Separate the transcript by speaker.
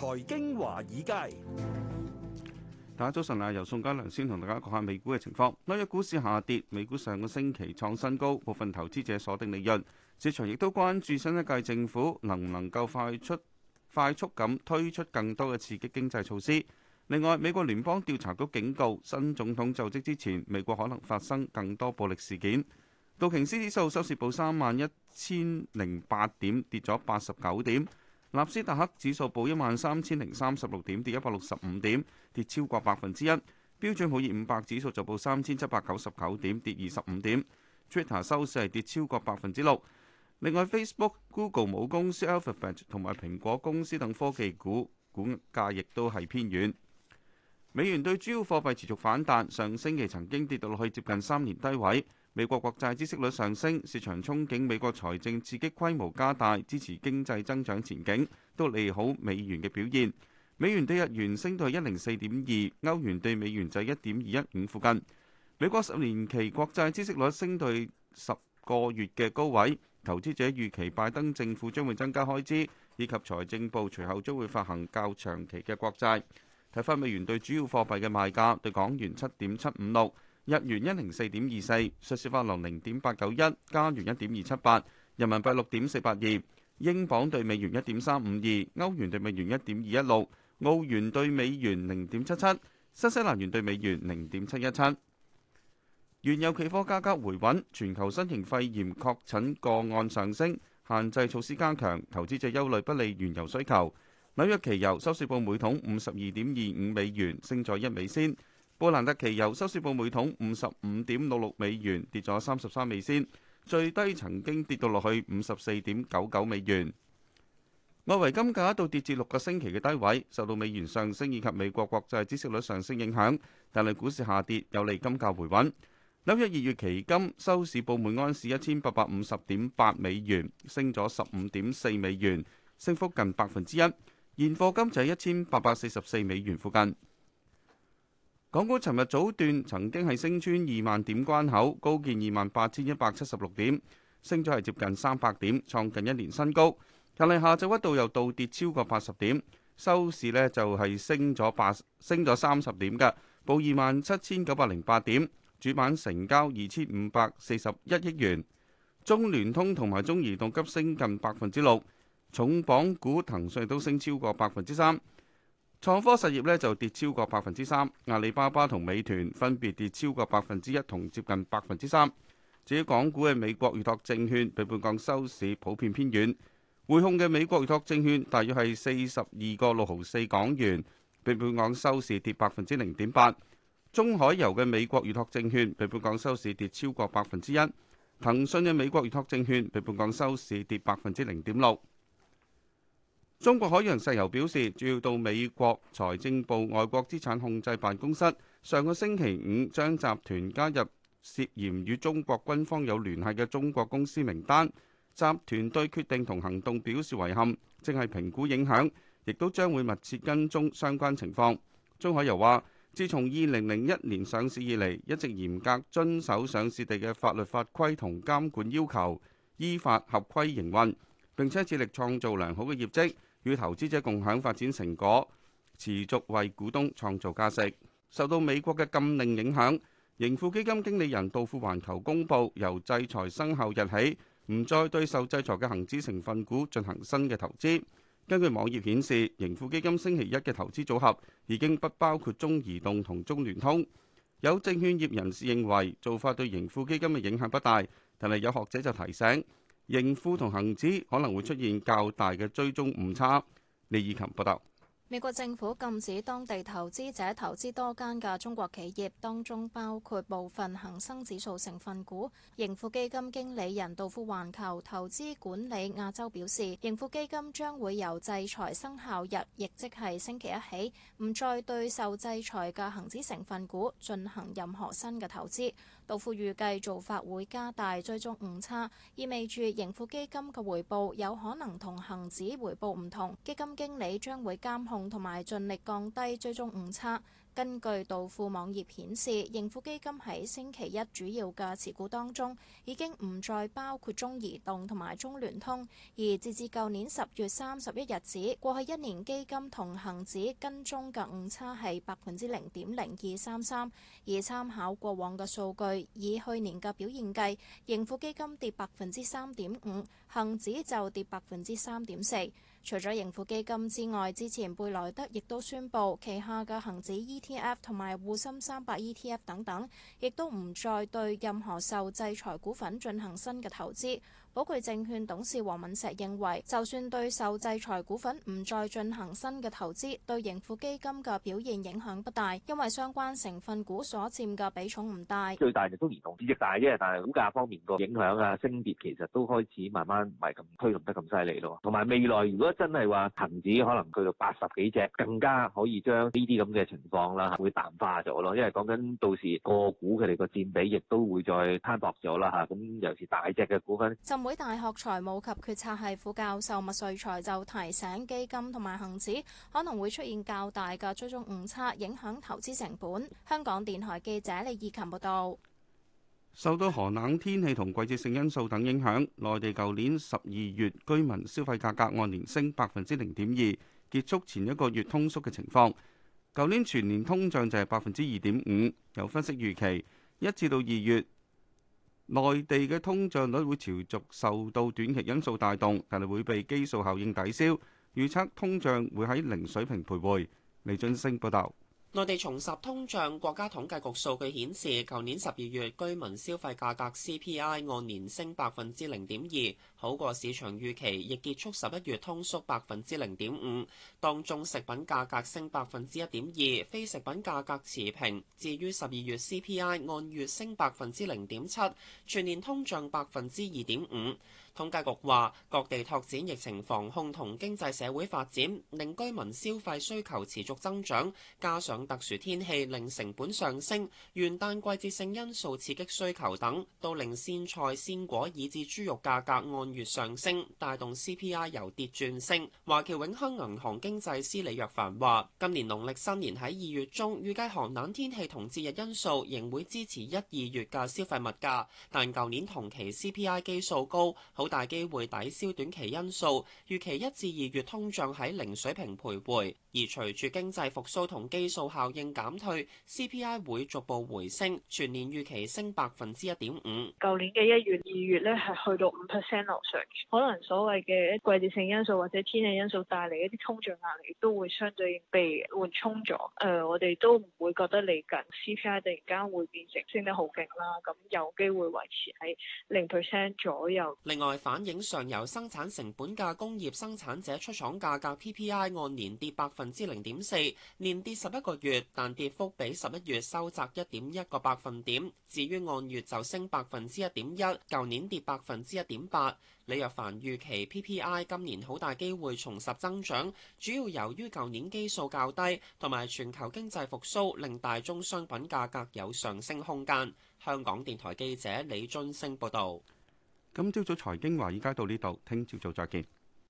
Speaker 1: 財經華爾街，大家早晨啊！由宋家良先同大家講下美股嘅情況。紐約股市下跌，美股上個星期創新高，部分投資者鎖定利潤。市場亦都關注新一屆政府能唔能夠快速快速咁推出更多嘅刺激經濟措施。另外，美國聯邦調查局警告，新總統就職之前，美國可能發生更多暴力事件。道瓊斯指數收市報三萬一千零八點，跌咗八十九點。納斯達克指數報一萬三千零三十六點，跌一百六十五點，跌超過百分之一。標準普爾五百指數就報三千七百九十九點，跌二十五點。Twitter 收市係跌超過百分之六。另外，Facebook、Google 母公司 Alphabet 同埋蘋果公司等科技股股價亦都係偏軟。美元對主要貨幣持續反彈，上星期曾經跌到落去接近三年低位。美國國債孳息率上升，市場憧憬美國財政刺激規模加大，支持經濟增長前景，都利好美元嘅表現。美元對日元升到一零四點二，歐元對美元就一點二一五附近。美國十年期國債孳息率升到十個月嘅高位，投資者預期拜登政府將會增加開支，以及財政部隨後將會發行較長期嘅國債。睇翻美元對主要貨幣嘅賣價，對港元七點七五六。日元一零四點二四，瑞士法郎零點八九一，加元一點二七八，人民幣六點四八二，英鎊對美元一點三五二，歐元對美元一點二一六，澳元對美元零點七七，新西蘭元對美元零點七一七。原油期貨價格回穩，全球新型肺炎確診個案上升，限制措施加強，投資者憂慮不利原油需求。紐約期油收市報每桶五十二點二五美元，升咗一美仙。布蘭特期油收市報每桶五十五點六六美元，跌咗三十三美仙，最低曾經跌到落去五十四點九九美元。外圍金價一度跌至六個星期嘅低位，受到美元上升以及美國國債孳息率上升影響，但係股市下跌有利金價回穩。紐約二月期金收市報每安士一千八百五十點八美元，升咗十五點四美元，升幅近百分之一。現貨金就喺一千八百四十四美元附近。港股尋日早段曾經係升穿二萬點關口，高見二萬八千一百七十六點，升咗係接近三百點，創近一年新高。但係下晝一度又倒跌超過八十點，收市呢就係升咗八升咗三十點嘅，報二萬七千九百零八點，主板成交二千五百四十一億元。中聯通同埋中移動急升近百分之六，重磅股騰訊都升超過百分之三。創科實業咧就跌超過百分之三，阿里巴巴同美團分別跌超過百分之一同接近百分之三。至於港股嘅美國預託證券，被半港收市普遍偏軟。匯控嘅美國預託證券大約係四十二個六毫四港元，被半港收市跌百分之零點八。中海油嘅美國預託證券被半港收市跌超過百分之一。騰訊嘅美國預託證券被半港收市跌百分之零點六。中國海洋石油表示，主要到美國財政部外國資產控制辦公室，上個星期五將集團加入涉嫌與中國軍方有聯繫嘅中國公司名單。集團對決定同行動表示遺憾，正係評估影響，亦都將會密切跟蹤相關情況。中海油話，自從二零零一年上市以嚟，一直嚴格遵守上市地嘅法律法規同監管要求，依法合規營運，並且致力創造良好嘅業績。與投資者共享發展成果，持續為股東創造價值。受到美國嘅禁令影響，盈富基金經理人道富環球公布，由制裁生效日起，唔再對受制裁嘅恒指成分股進行新嘅投資。根據網頁顯示，盈富基金星期一嘅投資組合已經不包括中移動同中聯通。有證券業人士認為，做法對盈富基金嘅影響不大，但係有學者就提醒。盈富同行指可能會出現較大嘅追蹤誤差。李以琴報道，
Speaker 2: 美國政府禁止當地投資者投資多間嘅中國企業，當中包括部分恒生指數成分股。盈富基金經理人道富環球投資管理亞洲表示，盈富基金將會由制裁生效日，亦即係星期一起，唔再對受制裁嘅恒指成分股進行任何新嘅投資。道富預計做法會加大追蹤誤差，意味住盈富基金嘅回報有可能同恒指回報唔同，基金經理將會監控同埋盡力降低追蹤誤差。根據道富網頁顯示，盈富基金喺星期一主要嘅持股當中已經唔再包括中移動同埋中聯通，而截至舊年十月三十一日止，過去一年基金同恒指跟蹤嘅誤差係百分之零點零二三三，而參考過往嘅數據，以去年嘅表現計，盈富基金跌百分之三點五，恒指就跌百分之三點四。除咗盈富基金之外，之前貝萊德亦都宣布旗下嘅恒指 ETF 同埋滬深三百 ETF 等等，亦都唔再對任何受制裁股份進行新嘅投資。寶钜證券董事黃敏石認為，就算對受制裁股份唔再進行新嘅投資，對盈富基金嘅表現影響不大，因為相關成分股所佔嘅比重唔大。最
Speaker 1: 大就
Speaker 3: 都唔同市值大啫，但係股價方面個影響啊升跌其實都開始慢慢唔係咁推動得咁犀利咯。同埋未來如果真係話恒指可能去到八十幾隻，更加可以將呢啲咁嘅情況啦會淡化咗咯。因為講緊到時個股佢哋個佔比亦都會再攤薄咗啦吓，咁尤其大隻嘅股份。
Speaker 2: 會大學財務及決策系副教授麥瑞才就提醒基金同埋恒指可能會出現較大嘅追蹤誤差，影響投資成本。香港電台記者李義勤報道。
Speaker 1: 受到寒冷天氣同季節性因素等影響，內地舊年十二月居民消費價格按年升百分之零點二，結束前一個月通縮嘅情況。舊年全年通脹就係百分之二點五，有分析預期一至到二月。內地嘅通脹率會持續受到短期因素帶動，但係會被基數效應抵消，預測通脹會喺零水平徘徊。李俊升報道。
Speaker 3: 內地重拾通脹，國家統計局數據顯示，舊年十二月居民消費價格 CPI 按年升百分之零點二，好過市場預期，亦結束十一月通縮百分之零點五。當中食品價格升百分之一點二，非食品價格持平。至於十二月 CPI 按月升百分之零點七，全年通脹百分之二點五。統計局話，各地拓展疫情防控同經濟社會發展，令居民消費需求持續增長，加上特殊天氣令成本上升、元旦季節性因素刺激需求等，都令鮮菜、鮮果以至豬肉價格按月上升，帶動 CPI 由跌轉升。華僑永亨銀行經濟師李若凡話，今年農曆新年喺二月中，預計寒冷天氣同節日因素仍會支持一二月嘅消費物價，但舊年同期 CPI 基數高，好。大機會抵消短期因素，預期一至二月通脹喺零水平徘徊，而隨住經濟復甦同基數效應減退，CPI 會逐步回升，全年預期升百分之一點五。
Speaker 2: 舊年嘅一月、二月咧係去到五 percent 樓上，可能所謂嘅一季節性因素或者天氣因素帶嚟一啲通脹壓力，都會相對被緩衝咗。誒，我哋都唔會覺得嚟緊 CPI 突然間會變成升得好勁啦。咁有機會維持喺零 percent 左右。
Speaker 3: 另外，反映上游生產成本嘅工業生產者出廠價格 PPI 按年跌百分之零點四，連跌十一個月，但跌幅比十一月收窄一點一個百分點。至於按月就升百分之一點一，舊年跌百分之一點八。李若凡預期 PPI 今年好大機會重拾增長，主要由於舊年基數較低，同埋全球經濟復甦，令大宗商品價格有上升空間。香港
Speaker 1: 電台記者李津升報導。今朝早財經華爾街到呢度，聽朝早再見。